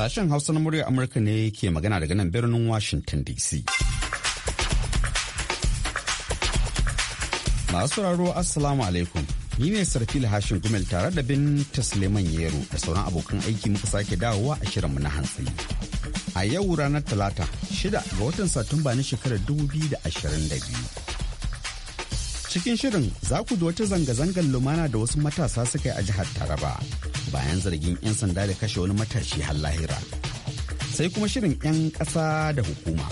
Sashen Hausa na muryar Amurka ne ke magana daga nan birnin Washington DC. Masu sauraro Assalamu alaikum. Ni ne Sarfil Hashin Gumel tare da Binta Suleiman Yero da sauran abokan aiki muka sake dawowa a shirinmu na hantsi. A yau ranar Talata, shida ga watan Satumba na shekarar da ashirin biyu. cikin shirin za ku ji wata zanga-zangar lumana da wasu matasa suka yi a jihar taraba bayan zargin 'yan sanda da kashe wani matashi har lahira sai kuma shirin 'yan ƙasa da hukuma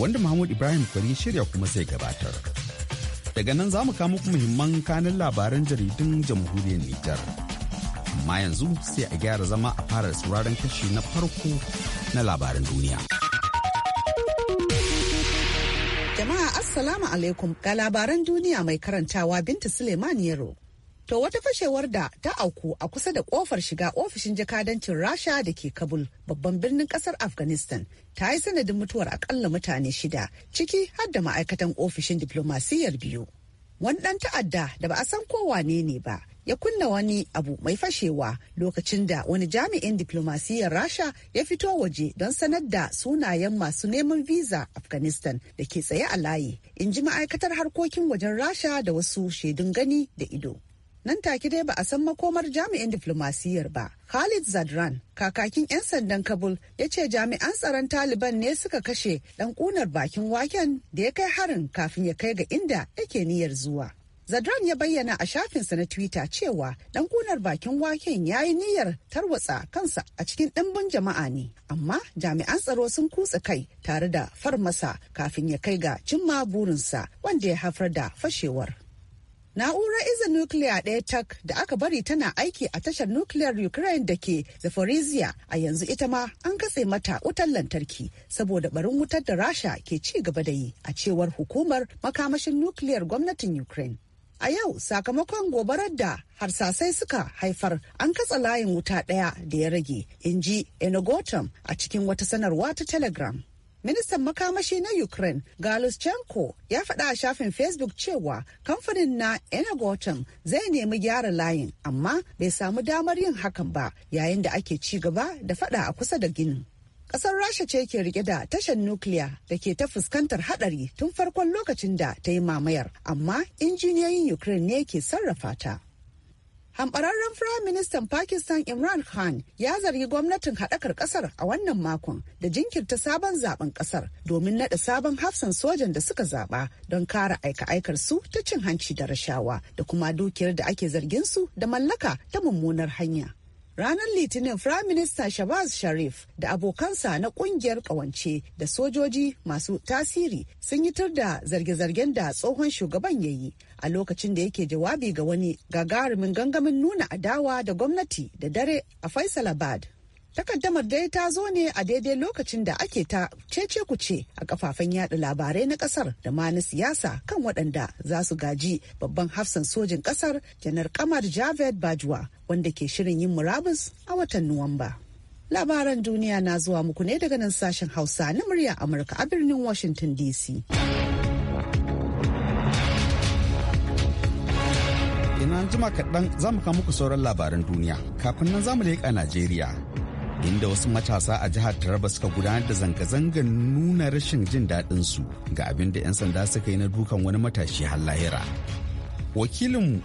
wanda mahmud ibrahim kwari shirya kuma sai gabatar daga nan za mu kama muhimman kanin labaran jaridun jamhuriyar nijar amma yanzu sai a gyara zama a fara sauraron kashi na farko na labaran duniya jama'a assalamu alaikum ga labaran duniya mai karantawa binta suleiman yaro To wata fashewar da ta auku a kusa da kofar shiga ofishin jakadancin Rasha da ke Kabul, babban birnin kasar Afghanistan, ta yi sanadin mutuwar akalla mutane shida, ciki har da ma'aikatan ofishin diplomasiyyar biyu. Wani ɗan ta'adda da ba a san kowa ne ne ba, ya kunna wani abu mai fashewa lokacin da wani jami'in diplomasiyyar Rasha ya fito waje don sanar da sunayen masu neman visa Afghanistan da ke tsaye a layi, in ji ma'aikatar harkokin wajen Rasha da wasu shaidun gani da ido. nan take dai ba a san makomar jami'in diflomasiyyar ba khalid zadran kakakin 'yan sandan kabul ya ce jami'an tsaron taliban ne suka kashe ɗan kunar bakin waken da ya kai harin kafin ya kai ga inda yake niyyar zuwa Zadran ya bayyana a shafinsa na Twitter cewa ɗan kunar bakin waken ya yi niyyar tarwatsa kansa a cikin ɗimbin jama'a ne, amma jami'an tsaro sun kutsa kai tare da farmasa kafin ya kai ga cimma burinsa wanda ya haifar da fashewar. Na'urar izin nukiliya ɗaya tak da aka bari tana aiki a tashar nukiliyar Ukraine da ke Zaporizhia a yanzu ita ma an katse mata wutar lantarki saboda barin wutar da Rasha ke ci gaba da yi a cewar hukumar makamashin nukiliyar gwamnatin Ukraine. A yau sakamakon gobarar da harsasai suka haifar an katsa layin wuta ɗaya da ya rage, in ji a cikin wata sanarwa ta Telegram. Ministan makamashi na Ukraine, Galus Chenko, ya faɗa a shafin Facebook cewa kamfanin na Enegoton zai nemi gyara layin, amma bai samu damar yin hakan ba yayin da ake ci gaba da faɗa a kusa da ginin. ƙasar rasha ce ke rike da tashar nukiliya da ke ta fuskantar haɗari tun farkon lokacin da ta yi mamayar amma injiniyoyin ukraine ne ke sarrafa ta hambararren firaministan pakistan imran khan ya zargi gwamnatin haɗakar ƙasar a wannan makon da jinkirta sabon zaben ƙasar domin naɗa sabon hafsan sojan da suka zaɓa don kare aika-aikar su ta cin hanci da rashawa da kuma dukiyar da ake zargin su da mallaka ta mummunar hanya Ranar Litinin Firaminista Shabaz Sharif da abokansa na kungiyar kawance da sojoji masu tasiri sun yi da zarge-zargen da tsohon shugaban ya yi a lokacin da yake jawabi ga wani gagarumin gangamin nuna adawa da gwamnati da dare a Faisalabad. Takaddamar dai ta zo ne a daidai lokacin da ake ta cece kuce a kafafen yada labarai na kasar da ma na siyasa kan waɗanda za su gaji babban hafsan sojin kasar janar kamar Javed Bajwa wanda ke shirin yin murabus a watan Nuwamba. Labaran duniya na zuwa muku ne daga nan sashen Hausa na murya Amurka a birnin Washington DC. Ina jima kaɗan zamu mu muku sauran labaran duniya kafin nan zamu mu leƙa Najeriya. inda wasu matasa a jihar Taraba suka gudanar da zanga-zangar nuna rashin jin daɗin su ga abin da 'yan sanda suka yi na dukan wani matashi har lahira. Wakilinmu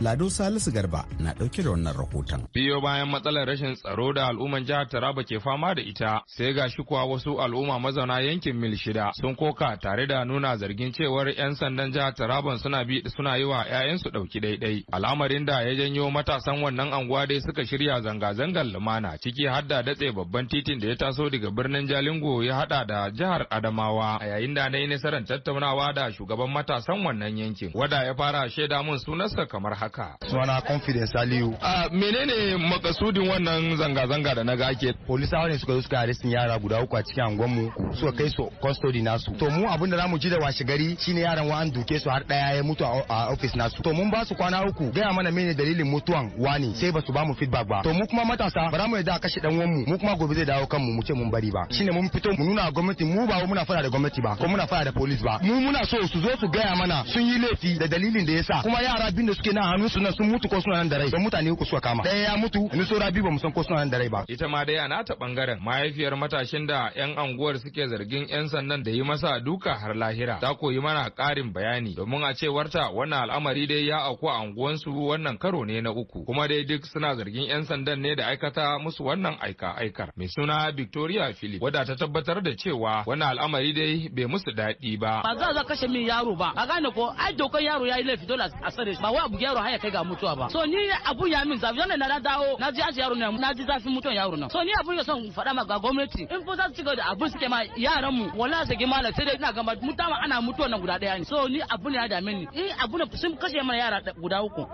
Lado Salisu Garba na ɗauke da wannan rahoton. Biyo bayan matsalar rashin tsaro da al'umman jihar Taraba ke fama da ita, sai ga shi kuwa wasu al'umma mazauna yankin mil shida sun koka tare da nuna zargin cewar 'yan sandan jihar Taraba suna bi suna yi wa 'ya'yansu ɗauki daidai. Al'amarin da ya janyo matasan wannan anguwa dai suka shirya zanga-zangar lumana ciki har da datse babban titin da ya taso daga birnin Jalingo ya haɗa da jihar Adamawa a yayin da na yi nasarar tattaunawa da shugaban matasan wannan yankin. Wada ya fara shaida mun sunarsa kamar haka. haka suna confidence aliyu a menene makasudin wannan zanga-zanga da na ga ake polisawa ne suka zo suka arrestin yara guda uku a cikin mu. suka kai su custody nasu to mu abin da zamu ji da washe gari shine yaran wa an duke su har daya ya mutu a office nasu to mun ba su kwana uku gaya mana mene dalilin mutuwan wani sai ba su ba mu feedback ba to mu kuma matasa ba mu yarda a kashe dan uwanmu mu kuma gobe zai dawo kanmu mu mu ce mun bari ba shine mun fito mu nuna gwamnati mu ba muna fara da gwamnati ba ko muna fara da police ba mu muna so su zo su gaya mana sun yi laifi da dalilin da yasa kuma yara bin da suke na shanun su nan sun mutu ko suna nan da rai don mutane uku suka kama ɗaya ya mutu ni saura biyu bamu san ko suna nan da rai ba ita ma dai a nata bangaren mahaifiyar matashin da yan anguwar suke zargin yan sandan da yi masa duka har lahira ta koyi mana ƙarin bayani domin a cewarta wannan al'amari dai ya auku a anguwansu wannan karo ne na uku kuma dai duk suna zargin yan sandan ne da aikata musu wannan aika aikar mai suna Victoria Philip wadda ta tabbatar da cewa wannan al'amari dai bai musu daɗi ba ba za kashe min yaro ba a gane ko ai dokar yaro yayi laifi dole a sare ba wai abu yaro har ya kai ga mutuwa ba so ni abu ya min zafi yana na dawo na ji aji yaro na na ji zafin mutuwan yaro na so ni abu ya son faɗa ma ga gwamnati in fa za su cigaba da abu suke ma yaran mu wallahi su gima sai dai ina gama mutama ana mutuwa nan guda daya ne so ni abu ne ya dame ni in abu ne sun kashe mana yara guda uku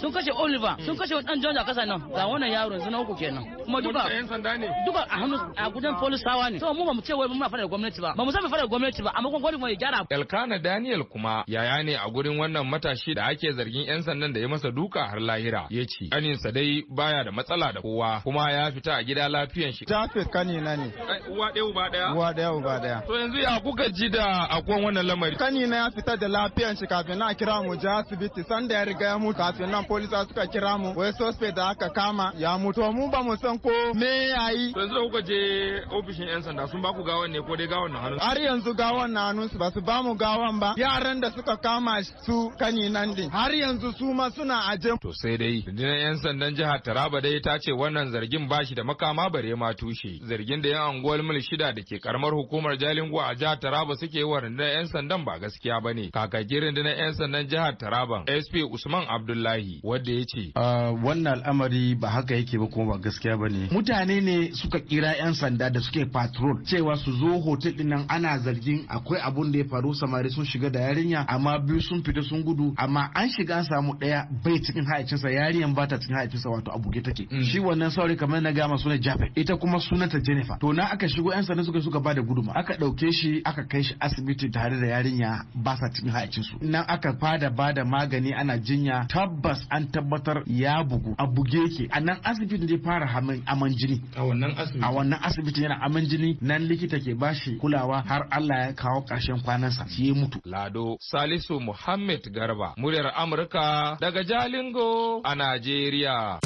sun kashe Oliver sun kashe dan John da kasa nan ga wannan yaro yanzu na uku kenan kuma duka yan sanda ne duka a hannu a gudan police sawa ne so mu ba mu ce wai mun faɗa da gwamnati ba ba mu san mu faɗa da gwamnati ba amma kuma gwamnati mai gyara Elkana Daniel kuma yaya ne a gurin wannan matashi da ake zargin yan sandan da ya masa duka har lahira ya ce ƙaninsa dai baya da matsala da kowa kuma ya fita a gida lafiyan shi. Tafi kani na ne. Uwa ɗaya uba ɗaya? Uwa ɗaya uba ɗaya. To yanzu ya kuka ji da akwai wannan lamari? Kani na ya fita da lafiyan shi kafin na kira mu je asibiti sanda ya riga ya mutu kafin nan polisa suka kira mu wai suspect da aka kama ya mutu mu ba mu san ko me yayi. To yanzu da kuka je ofishin 'yan sanda sun ba ku gawan ne ko dai gawan na hannu? Har yanzu gawan na hannun su ba su ba mu gawan ba yaran da suka kama su kani nan din har yanzu su ma kuma suna To sai dai, rundunar 'yan sandan jihar Taraba dai ta ce wannan zargin ba shi da makama bare ma tushe. Zargin da 'yan anguwar mil shida da ke karamar hukumar Jalingo a jihar Taraba suke yi wa rundunar 'yan sandan ba gaskiya ba ne. Kakakin rundunar 'yan sandan jihar Taraba SP Usman Abdullahi wadda ya ce. Ah, wannan al'amari ba haka yake ba kuma ba gaskiya ba ne. Mutane ne suka kira 'yan sanda da suke patrol cewa su zo hotel din nan ana zargin akwai abun da ya faru samari sun shiga da yarinya amma biyu sun fita sun gudu amma an shiga samu ɗaya daya bai cikin haicinsa yariyan ba ta cikin haicinsa wato a buge take mm. shi wannan saurayi kamar na gama suna jafe. ita kuma sunanta Jennifer to na aka shigo yan sanda suka suka ba da guduma aka dauke shi aka kai shi asibiti tare da yarinya ba sa cikin haicinsu nan aka fada ba da magani ana jinya tabbas an tabbatar ya bugu a buge yake a nan asibitin zai fara hamin aman jini a wannan asibiti a wannan asibiti yana aman jini nan likita ke bashi kulawa har Allah ya kawo ƙarshen kwanansa shi ya mutu lado salisu muhammad garba muryar amurka daga Jalingo a Najeriya.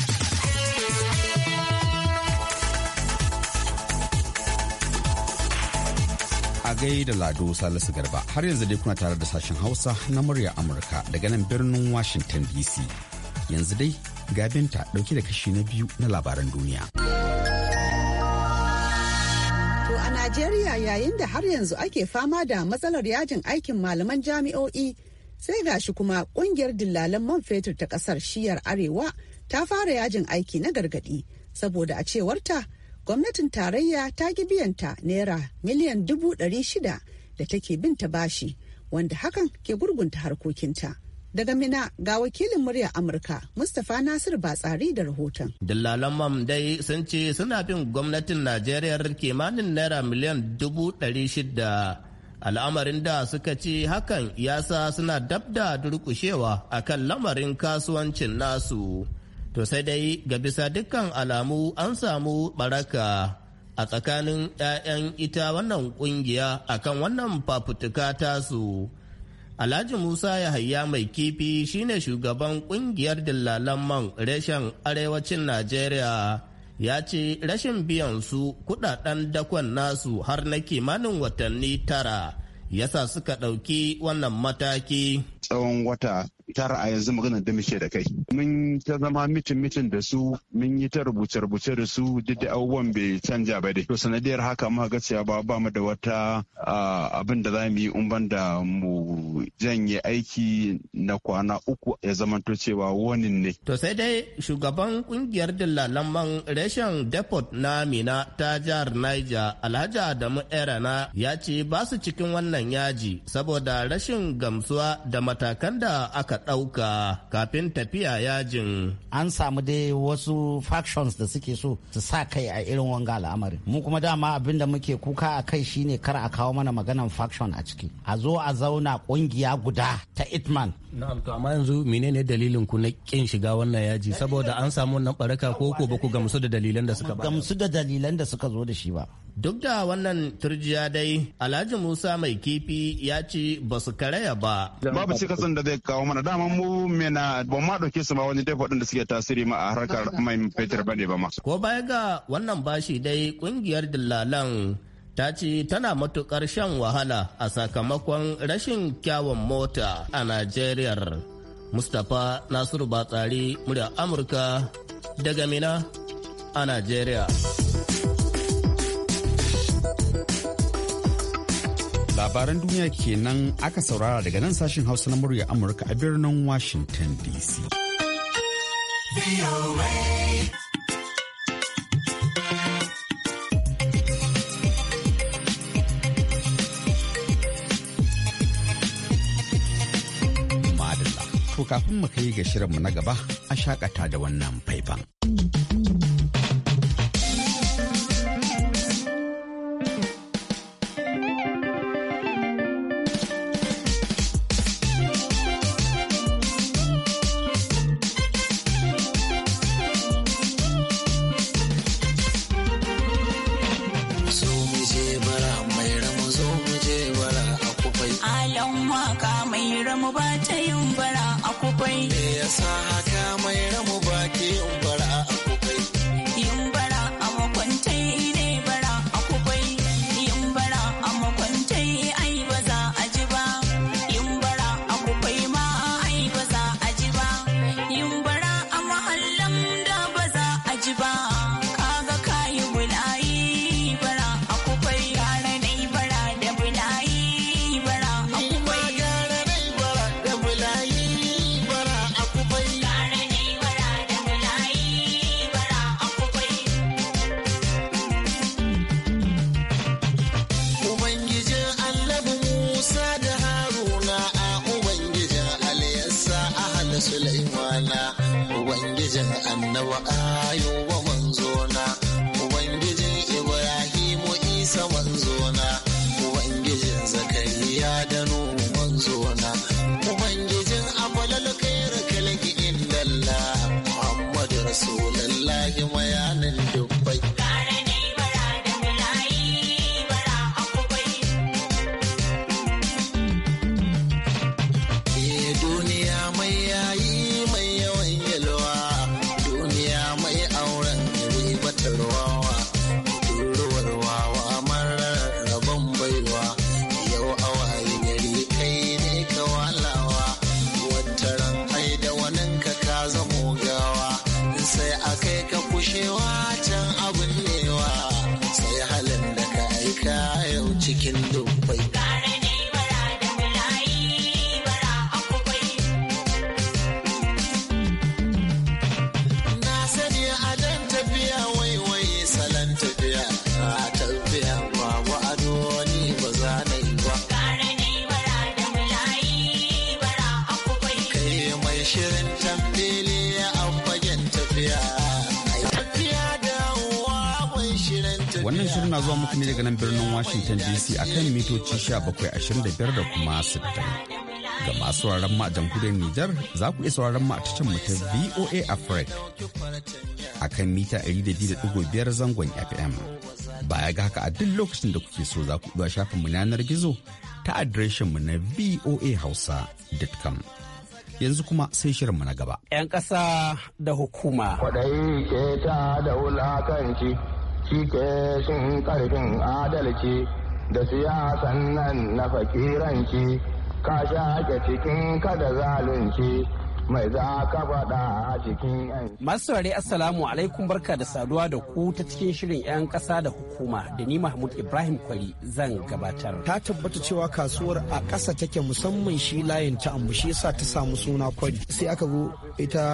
a da Lado Salisu Garba har yanzu dai kuna tare da sashen Hausa na murya Amurka daga nan birnin Washington DC. Yanzu dai gabinta dauke da kashi na biyu na labaran duniya. To a Najeriya yayin da har yanzu ake fama da matsalar yajin aikin malaman jami'o'i sai gashi kuma kungiyar dillalan man fetur ta kasar shiyar arewa ta fara yajin aiki na gargadi saboda a cewarta gwamnatin tarayya ta ki biyanta naira miliyan dubu dari shida da take bin ta bashi wanda hakan ke gurgunta harkokinta. Daga Mina ga wakilin murya Amurka Mustapha Nasir Batsari da rahoton. Dillalan mam dai sun ce suna bin gwamnatin Najeriya kimanin naira miliyan dubu dari shida al'amarin da suka ce hakan ya sa suna dab da durkushewa a kan lamarin kasuwancin nasu to sai dai ga bisa dukkan alamu an samu baraka a tsakanin 'ya'yan ita wannan kungiya kan wannan fafutuka tasu alhaji musa yahaya mai kifi shine shugaban kungiyar dillalan man reshen arewacin najeriya ya ce rashin biyan su kudaden dakon nasu har na kimanin watanni tara yasa suka ɗauki wannan mataki. Tsawon wata tara a yanzu magana da muke da kai mun ta zama mitin mitin da su mun yi ta rubuce rubuce da su duk da abubuwan bai canja ba dai to sanadiyar haka muka ga cewa ba mu da wata abin da za mu yi umban da mu janye aiki na kwana uku ya zamanto cewa wani ne to sai dai shugaban kungiyar dillalan man reshen depot na mina ta jihar niger alhaji adamu erana ya ce ba su cikin wannan yaji saboda rashin gamsuwa da matakan da aka aka ɗauka kafin tafiya yajin. An samu dai wasu factions da suke so su sa kai a irin wanga al'amarin. Mu kuma dama abin da muke kuka a kai shine kar a kawo mana maganan faction a ciki. A zo a zauna kungiya guda ta Itman. Na'am to amma yanzu menene dalilin ku na kin shiga wannan yaji saboda an samu wannan baraka ko ko ba ku gamsu da dalilan da suka ba. Gamsu da dalilan da suka zo da shi ba. Duk da wannan turjiya dai, Alhaji Musa mai kifi ya ci ba su karaya ba. Babu cikasin da zai kawo mana daman mu mena ba ma ɗauke su ma wani dai da suke tasiri ma a harkar mai fetur ba ne ba ma. Ko baya ga wannan bashi dai ƙungiyar dillalan ta ce tana matukar shan wahala a sakamakon rashin kyawun mota a Najeriya. Mustapha Nasiru Batsari murya Amurka daga Mina a Najeriya. Labaran duniya kenan aka saurara daga nan sashin Hausa na murya Amurka a birnin Washington DC. To kafin mu kai ga shirinmu na gaba a shakata da wannan faifan. Yes, I wa ayo wa manzo na zuwa muku ne daga nan birnin Washington DC a kan mitoci 1725 da kuma 60. Ga masu sauraron mu a jamhuriyar Nijar za ku iya sauraron mu a tashar mu ta VOA Africa akan mita 200.5 zangon FM. Baya ga haka a duk lokacin da kuke so za ku iya shafin mu yanar gizo ta adireshin mu na voahausa.com. yanzu kuma sai shirinmu na gaba. 'Yan ƙasa da hukuma. Kwaɗayi ke ta da wulakanci shi ke cin adalci da siyasan nan na fakiranci ka shaƙe cikin kada zalunci mai za ka faɗa a cikin Masu saurari Assalamu alaikum barka da saduwa da ku ta cikin shirin 'yan kasa da hukuma da ni Mahmud Ibrahim Kwari zan gabatar. Ta tabbata cewa kasuwar a ƙasa take musamman shi layin ta ambu shi yasa ta samu suna kwari. Sai aka zo ita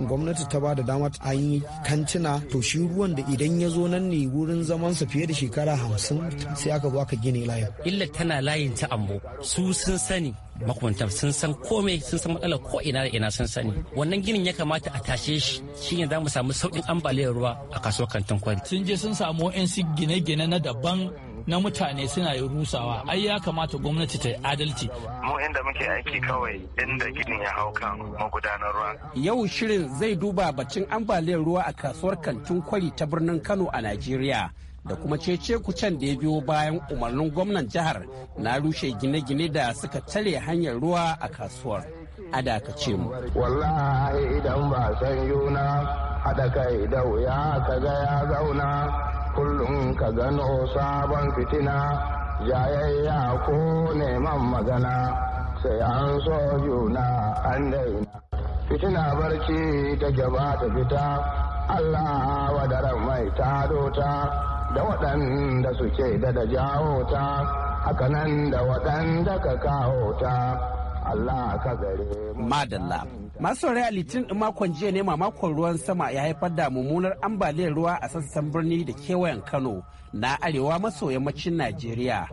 gwamnati ta ba da dama an yi kantina to shi ruwan da idan ya zo nan ne wurin zamansa fiye da shekara hamsin sai aka zo aka gine layin. Illa tana layin ta ambo su sun sani makwantar sun san komai sun san matsalar ko ina da ina sansani wannan ginin ya kamata a tashe shi shine za mu samu saukin ambaliyar ruwa a kasuwar kantin kwari sun je sun samu wa'yansu gine-gine na daban na mutane suna yi rusawa ai ya kamata gwamnati ta yi adalci. mu inda muke aiki kawai inda ginin ya hau kan magudanar ruwa. yau shirin zai duba bacin ambaliyar ruwa a kasuwar kantin kwari ta birnin kano a najeriya da kuma cece kucen da ya biyo bayan umarnin gwamnan jihar na rushe gine-gine da suka tare hanyar ruwa a kasuwar. a dakace mu. Wallahi idan ba san yuna haɗa kai da wuya ka ga ya zauna kullum ka gano sabon fitina jayayya ko neman magana sai an so juna an daina. Fitina barci ta gaba ta fita Allah wadaran mai ta dota. da waɗanda suke da da jawo ta hakanan da waɗanda ka kawo ta Madalla. Masu rai a litinin makon jiya ne mamakon ruwan sama ya haifar da mummunar ambaliyar ruwa a sassan birni da kewayen Kano na arewa maso yammacin Najeriya.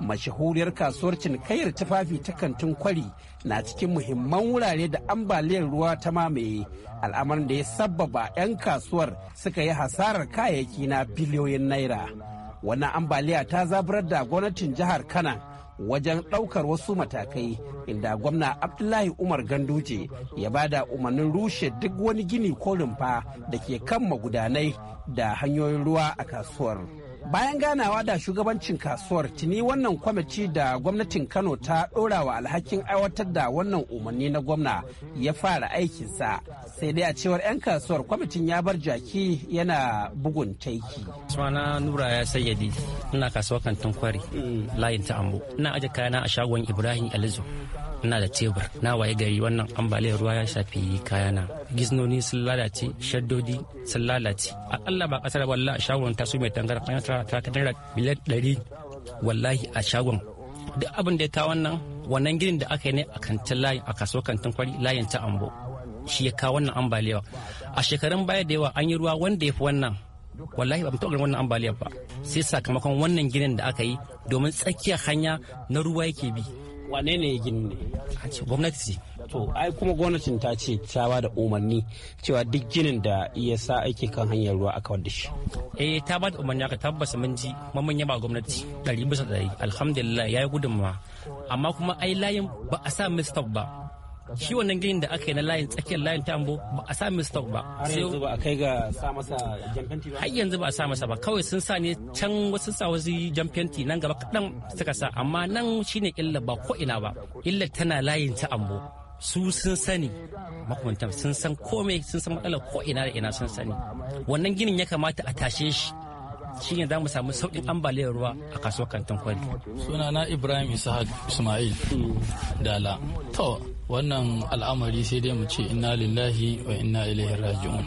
Mashahuriyar kasuwar cinikayyar tufafi ta kantin kwari na cikin muhimman wurare da ambaliyar ruwa ta mamaye al'amarin da ya sabbaba 'yan kasuwar suka yi hasarar kayayyaki na biliyoyin naira. Wannan ambaliya ta zaburar da gwamnatin jihar Kanan wajen ɗaukar wasu matakai inda gwamna abdullahi umar ganduje ya bada umarnin rushe duk wani gini ko rumfa da ke kan magudanai da hanyoyin ruwa a kasuwar. bayan ganawa da shugabancin kasuwar tuni wannan kwamiti da gwamnatin kano ta ɗora wa alhakin aiwatar da wannan umarni na gwamna ya fara aikinsa sai dai a cewar 'yan kasuwar kwamitin ya bar jaki yana bugun taiki suna nura ya sayyadi ina kasuwar kantin kwari mm. layin ta ambo ina aje kayana a shagon ibrahim alizu ina da tebur na waye gari wannan ambaliyar ruwa ya shafi kayana giznoni sun lalace shaddodi sun lalace akalla ba kasar walla a shagon su mai tangar kan yasa ta kadara miliyan ɗari wallahi a shagon duk abin da ya kawo wannan wannan ginin da aka yi ne a kantin layin a kasuwar kantin kwari layin ta ambo shi ya kawo wannan ambaliyar a shekarun baya da yawa an yi ruwa wanda ya fi wannan wallahi ba mutu wannan ambaliyar ba sai sakamakon wannan ginin da aka yi domin tsakiyar hanya na ruwa yake bi wane ne ya gini ne a ce gwamnati to ai kuma gwamnatin ta ce ta ba da umarni cewa duk ginin da iya sa aiki kan hanyar ruwa a kawar shi eh ta ba da umarni aka tabbas mun ji mun yaba gwamnati ɗari bisa ɗari alhamdulillah ya yi gudunmawa amma kuma ai layin ba a sa mistop ba shi wannan ginin da aka yi na layin tsakiyar layin tambo ba a sa mista ba har yanzu ba a kai ga sa masa jamfenti ba har yanzu ba a sa masa ba kawai sun sa ne can wasu sa wasu jamfenti nan gaba kaɗan suka sa amma nan shine illa ba ko ina ba illa tana layin ta ambo su sun sani makwantar sun san komai sun san matsalar ko ina da ina sun sani wannan ginin ya kamata a tashe shi shi ne za mu samu sauƙin ambaliyar ruwa a kasuwar kantin kwari na ibrahim ishaq ismail dala to wannan al'amari sai dai mu ce inna lillahi wa inna ilaihi raji'un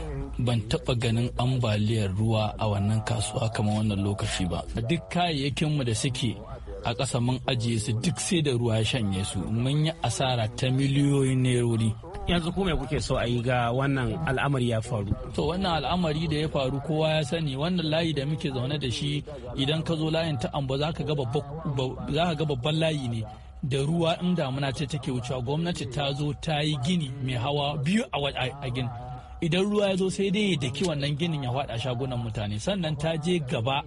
ban taɓa ganin ambaliyar ruwa a wannan kasuwa kamar wannan lokaci ba duk mu da suke a ƙasa mun ajiye su duk sai da ruwa ya shanye su mun yi asara ta miliyoyin nerori yanzu kuma kuke so a yi ga wannan al'amari ya faru to wannan al'amari da ya faru kowa ya sani wannan layi da muke zaune da shi idan ka zo layin ta amba za ka ga babban layi ne da ruwa in damuna ce take wucewa gwamnati ta zo ta yi gini mai hawa biyu a gini idan ruwa ya zo sai dai da ke wannan ginin ya faɗa shagunan mutane sannan ta je gaba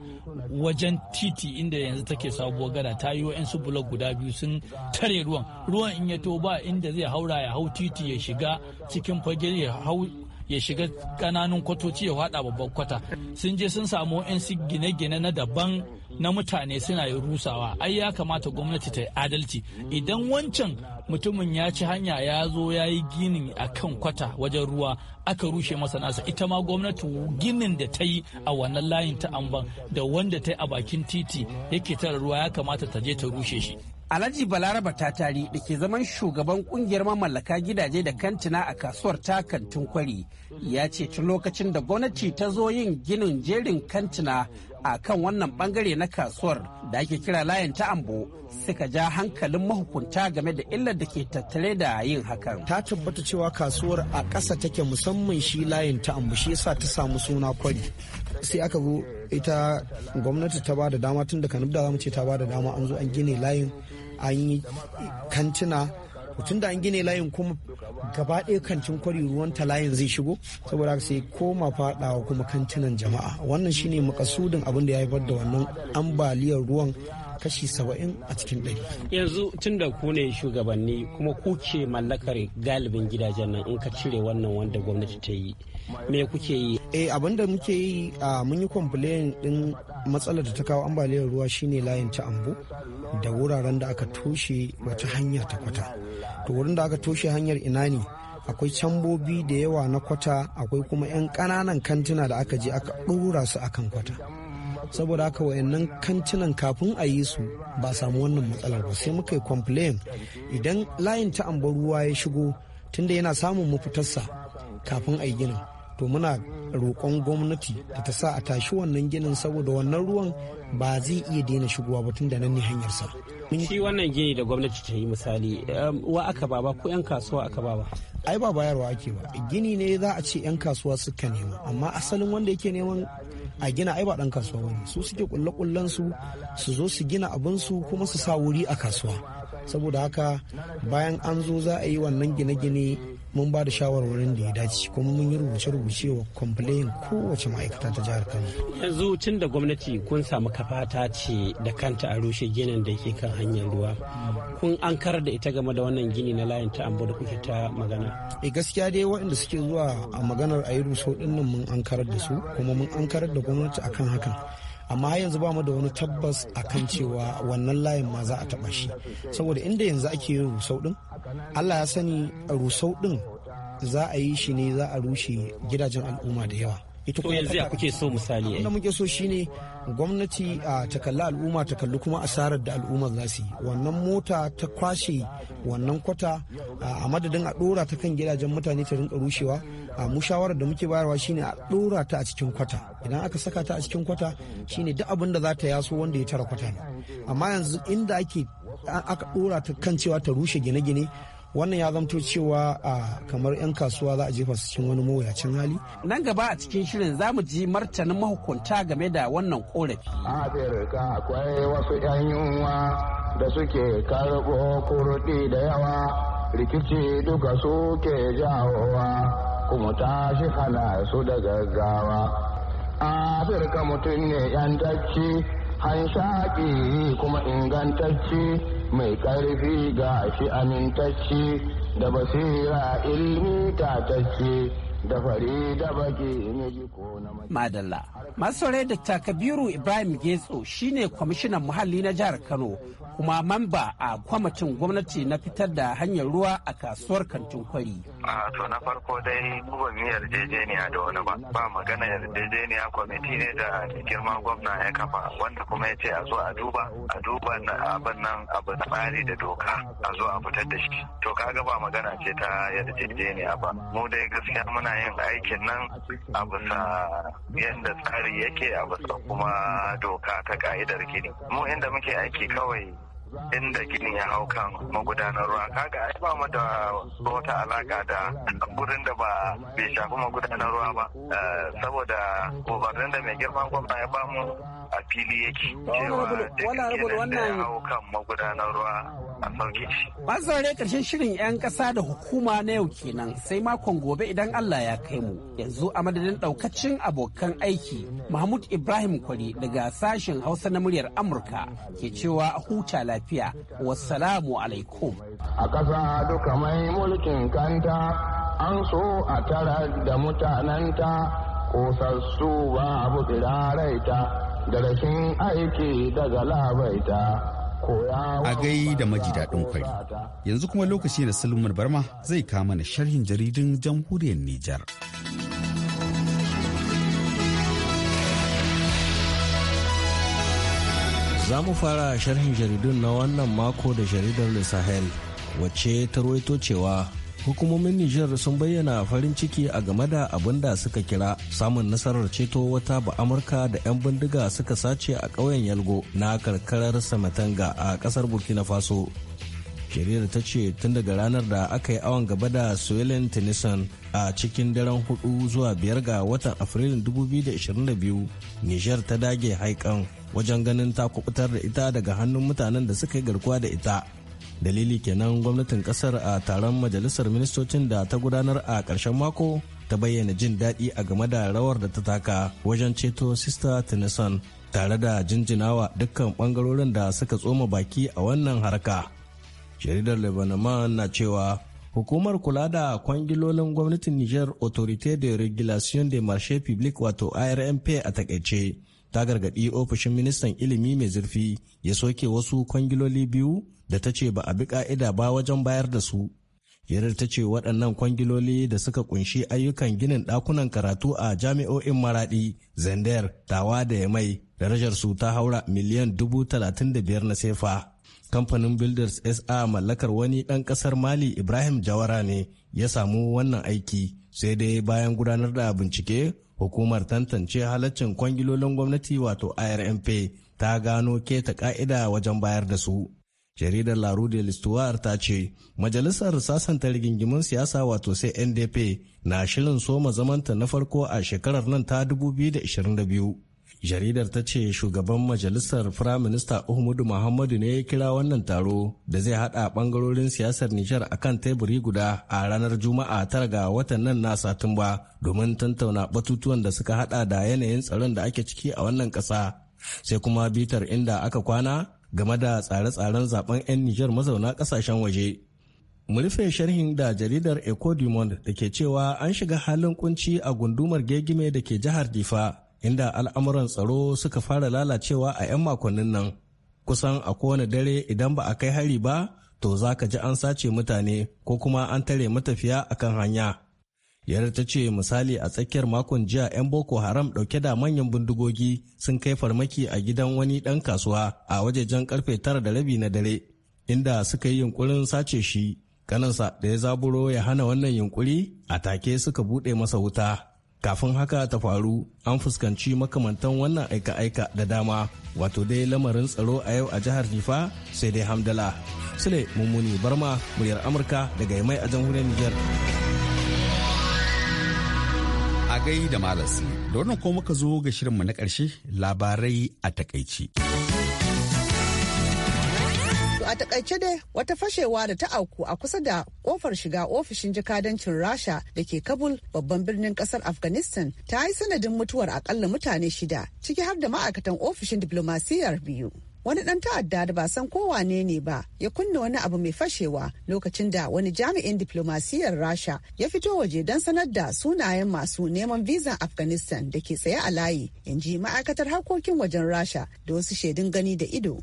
wajen titi inda yanzu take sabuwar gada ta yi wa wa'yansu bulog guda biyu sun tare ruwan ruwan in ya to ba inda zai haura ya hau titi ya shiga cikin fage ya hau ya shiga ƙananun kwatoci ya haɗa babban kwata sun je sun samu 'yan gine-gine na daban na mutane suna yi rusawa ai ya kamata gwamnati ta yi adalci idan wancan mutumin ya ci hanya ya zo ya yi ginin a kan kwata wajen ruwa aka rushe masa nasa ita ma gwamnati ginin da ta yi a wannan layin ta amban da wanda ta yi a bakin titi yake tara ruwa ya kamata ta je ta rushe shi Alhaji Balaraba Tatari da ke zaman shugaban kungiyar mamallaka gidaje da kantina a kasuwar ta kantin kwari ya ce tun lokacin da gwamnati ta zo yin ginin jerin kantina a kan wannan bangare na kasuwar da ake kira layin ta ambo suka ja hankalin mahukunta game da illar da ke tattare da yin hakan. Ta tabbata cewa kasuwar a ƙasa take musamman shi layin ta ambo shi yasa ta samu suna kwari. Sai aka zo ita gwamnati ta ba da dama tun da kanubda zamu ce ta ba da dama an zo an gine layin an yi kantina tun da an gine layin kuma gaba ɗaya kancin kwari ruwan ta layin zai shigo saboda sai koma faɗawa kuma kantinan jama'a wannan shine makasudin abin da ya haifar da wannan ambaliyar ruwan kashi saba'in a cikin ɗari. yanzu tun da ku ne shugabanni kuma ku ce mallakar galibin gidajen nan in ka cire wannan wanda gwamnati ta yi me kuke yi eh abin da muke yi a mun yi complain din matsalar da ta kawo ambaliyar ruwa shine layin ta ambo da wuraren da aka toshe wata hanyar ta kwata to wurin da aka toshe hanyar ina ne akwai cambobi da yawa na kwata akwai kuma 'yan ƙananan kantuna da aka je aka ɗora su akan kwata saboda haka wayannan kantinan kafin a yi su ba samu wannan matsalar ba sai muka yi complain idan layin ta amba ruwa ya shigo tunda yana samun mafitarsa kafin a yi ginin to muna roƙon gwamnati da ta sa a tashi wannan ginin saboda wannan ruwan ba zai iya daina shigowa ba tun da nan ne hanyarsa. shi wannan gini da gwamnati ta yi misali um, wa aka baba ko 'yan kasuwa aka baba ai ba bayarwa ake ba gini ne za a ce 'yan kasuwa suka nema amma asalin wanda yake neman a gina ai ba dan kasuwa bane su suke kulle su su zo su gina abin su kuma su sa wuri a kasuwa saboda haka bayan an zo za a yi wannan gine-gine mun ba da shawarwarin da ya dace kuma mun yi rubuce-rubuce wa complain kowace ma'aikata ta jihar kano yanzu tun da gwamnati kun samu kafata ce da kanta a rushe ginin da ke kan hanyar ruwa kun an kar da ita game da wannan gini na layin ta ambo da kuke ta magana e gaskiya dai waɗanda suke zuwa a maganar a yi ruso ɗin nan mun an karar da su kuma mun an karar da gwamnati akan hakan amma yanzu ba mu da wani tabbas akan cewa wannan layin ma za a taɓa shi saboda inda yanzu ake yin rusau din allah ya sani rusau din za a yi shi ne za a rushe gidajen al'umma da yawa ita kuma yanzu ya kuke so misali abin da eh? muke so shine gwamnati ta kalli al'umma ta kalli kuma asarar da al'umma za su yi wannan mota ta kwashe wannan kwata a madadin a dora ta kan gidajen mutane ta rinka rushewa a mu shawarar da muke bayarwa shine a dora ta a cikin kwata idan aka saka ta a cikin kwata shine duk abin da za ta yaso wanda ya tara kwata ne amma yanzu inda ake aka dora ta kan cewa ta rushe gine-gine wannan ya zamto cewa a kamar 'yan kasuwa za a jefa su cikin wani mawuyacin hali nan gaba a cikin shirin za mu ji martanin mahukunta game da wannan korafi afirka akwai wasu 'yan yunwa da suke karɓo kurɗi da yawa rikici duka suke jawowa kuma shi hana su da gaggawa a afirka mutum ne 'yan tacci hanshaƙi kuma ingantacce mai ƙarfi ga shi amintacce da basira ilmi tatacce da fari da baki ne ji ko na Madalla. masore da Takabiru Ibrahim Getso shine kwamishinan muhalli na jihar Kano kuma mamba a kwamitin gwamnati na fitar da hanyar ruwa a kasuwar kantin kwari. a ah, to na farko dai mu yarjejeniya da wani ba ba magana yarjejeniya kwamiti ne da girma gwamna ya kafa wanda kuma ya ce a zo a duba a duba na abin nan abu tsari da doka a zo a fitar da shi to kaga ba magana ce ta yarjejeniya ba mu dai gaskiya muna yin aikin nan a bisa yadda tsari yake a bisa kuma doka ta ka'idar gini mu inda muke aiki kawai inda gini ya hau kan magudanar ruwa kaga ai ba mu da wata alaka da gurin da ba bai shafi magudanar ruwa ba eh, saboda kokarin da mai girman gwamna ya bamu a fili yake cewa da ya hau kan magudanar ruwa a sauke shi. karshen shirin 'yan ƙasa da hukuma na yau kenan sai makon gobe idan Allah ya kai mu. Yanzu a madadin ɗaukacin abokan aiki Mahmud Ibrahim Kwari daga sashen Hausa na muryar Amurka ke cewa huta lafiya. Wassalamu alaikum. A ƙasa duka mai mulkin kanta an so a tara da mutananta kosassu babu ta. da rashin aiki daga labaita a gai da maji daɗin kwari yanzu kuma lokaci da sulmar barma zai kama na sharhin jaridun jamhuriyar nijar za mu fara sharhin jaridun na wannan mako da jaridar sahel wacce ta ruwaito cewa hukumomin Nijar sun bayyana farin ciki a game da abin da suka kira samun nasarar ceto wata ba amurka da 'yan bindiga suka sace a ƙauyen Yalgo na karkarar Samatanga a ƙasar Burkina Faso. Shirya ta ce tun daga ranar da aka yi awon gaba da Suelen Tennyson a cikin daren 4 zuwa 5 ga watan Afrilun 2022, Nijar ta dage haikan wajen ganin ta kubutar da ita daga hannun mutanen da suka yi garkuwa da ita. dalili kenan gwamnatin kasar a taron majalisar ministocin da ta gudanar a ƙarshen mako ta bayyana jin daɗi a game da rawar da ta taka wajen ceto sister tennyson tare da jinjinawa dukkan ɓangarorin da suka tsoma baki a wannan harka jaridar lebanon na cewa hukumar kula da kwangilolin gwamnatin niger Autorite de Regulation de marche Public, wato irmp a takaice ta gargaɗi ofishin ministan ilimi mai zurfi ya soke wasu kwangiloli biyu da ta ce ba a bi ka'ida ba wajen bayar da su yarar ta ce waɗannan kwangiloli da suka kunshi ayyukan ginin ɗakunan karatu a jami'o'in maraɗi zender, tawa da yamai darajar su ta haura miliyan dubu talatin da biyar na sefa kamfanin builders sa mallakar wani ɗan ƙasar mali ibrahim jawara ne ya samu wannan aiki sai dai bayan gudanar da bincike hukumar tantance halaccin kwangilolin gwamnati wato irmp ta gano keta ka'ida wajen bayar da su jaridar la rue de l'histoire ta ce majalisar sasanta rigingimin siyasa wato sai ndp na shirin soma zamanta na farko a shekarar nan ta 2022 jaridar ta ce shugaban majalisar firaminista uhmudu muhammadu ne ya kira wannan taro da zai haɗa ɓangarorin siyasar nijar a kan teburi guda a ranar juma'a tara ga watan nan na satumba domin tantauna batutuwan da suka haɗa da yanayin tsaron da ake ciki a wannan ƙasa sai kuma bitar inda aka kwana game da tsare-tsaren zaben 'yan Nijar mazauna kasashen waje. Mu rufe sharhin da jaridar Eco Dumont da ke cewa an shiga halin kunci a gundumar gegime da ke jihar Difa, inda al'amuran tsaro suka fara lalacewa a 'yan makonnin nan. Kusan a kowane dare idan ba a kai hari ba, to za ka ji an sace mutane ko kuma an tare matafiya akan hanya. yar ta ce misali a tsakiyar makon jiya 'yan boko haram dauke da manyan bindigogi sun kai farmaki a gidan wani dan kasuwa a wajejen karfe tara da rabi na dare inda suka yi yunkurin sace shi kanansa da ya zaburo ya hana wannan yunkuri a take suka bude masa wuta kafin haka ta faru an fuskanci makamantan wannan aika-aika da dama wato dai lamarin tsaro a yau a jihar nifa sai dai hamdala sule mummuni barma muryar amurka daga mai a jamhuriyar niger gai da malasi. Da wannan ko muka zo ga shirinmu na ƙarshe labarai a takaici. a takaice dai wata fashewa da ta auku a kusa da kofar shiga ofishin jikadancin rasha da ke kabul babban birnin kasar afghanistan ta yi sanadin mutuwar akalla mutane shida ciki har da ma'aikatan ofishin diplomasiyyar biyu wani dan ta'adda da ba san kowa ne ne ba ya kunna wani abu mai fashewa lokacin da wani jami'in diplomasiyyar rasha ya fito waje don sanar da sunayen masu neman vizan afghanistan da ke tsaye a layi in ji ma'aikatar harkokin wajen rasha da wasu shaidun gani da ido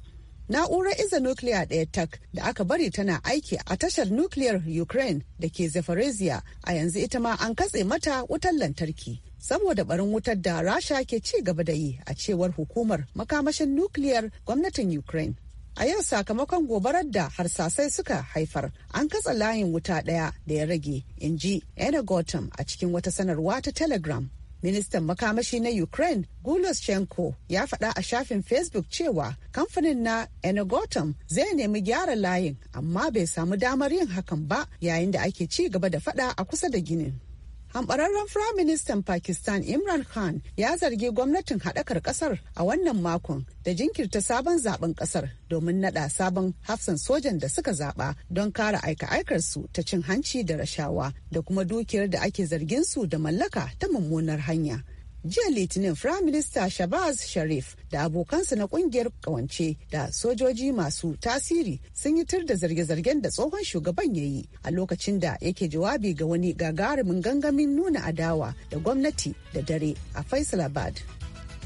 na'urar iza nukiliya ɗaya tak da aka bari tana aiki a tashar nukiliyar ukraine da ke zafareziya a yanzu ita ma an katse mata wutar lantarki saboda barin wutar da rasha ke ci gaba da yi a cewar hukumar makamashin nukiliyar gwamnatin ukraine a yau sakamakon gobarar da harsasai suka haifar an katsa layin wuta daya da ya rage in ji gotham a cikin wata sanarwa ta telegram ministan makamashi na ukraine guloschenko ya faɗa a shafin facebook cewa kamfanin na enegotom zai nemi gyara layin amma bai samu damar yin hakan ba yayin da ake ci gaba da faɗa a kusa da ginin hamɓararren firaministan pakistan imran khan ya zargi gwamnatin haɗakar ƙasar a wannan makon da jinkirta sabon zaben ƙasar domin naɗa sabon hafsan sojan da suka zaɓa don kare aika-aikarsu ta cin hanci da rashawa da kuma dukiyar da ake zargin su da mallaka ta mummunar hanya jiya litinin firayim minista shabazz sharif da abokansa na kungiyar kawance da sojoji masu tasiri sun yi tur da zarge-zargen da tsohon shugaban ya yi a lokacin da yake jawabi ga wani gagarumin gangamin nuna adawa da gwamnati da dare a faisalabad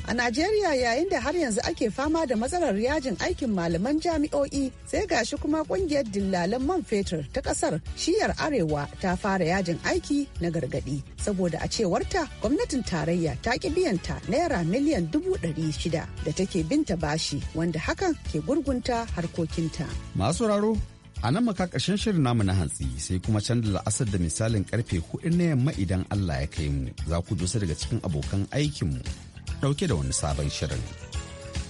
A Najeriya yayin da har yanzu ake fama da matsalar yajin aikin malaman jami'o'i sai gashi kuma kungiyar dillalan man fetur ta kasar shiyar arewa ta fara yajin aiki na gargadi saboda a cewarta gwamnatin tarayya ta ki biyanta naira miliyan dubu ɗari shida da take binta bashi wanda hakan ke gurgunta harkokinta. Masu raro a nan makakashin shirin namu na hantsi sai kuma canza la'asar da misalin karfe hudu na yamma idan Allah ya kai mu za ku dosa daga cikin abokan aikinmu dauke da wani sabon shirin.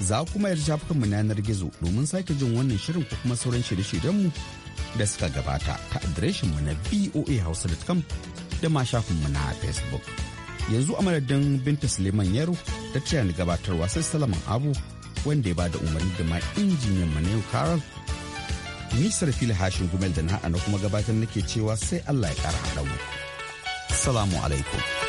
Za kuma yarda shafukanmu na yanar gizo domin sake jin wannan shirin ko kuma sauran shirye-shiryenmu da suka gabata ta adireshinmu na voahausa.com da ma shafinmu na Facebook. Yanzu a madadin Binta Suleiman Yaro da tiyan gabatarwa sai Salaman Abu wanda ya bada umarni da ma injiniyan mu na yau Carol. Nisar fili hashin gumel da na kuma gabatar nake cewa sai Allah ya kara haɗa mu. Salamu alaikum.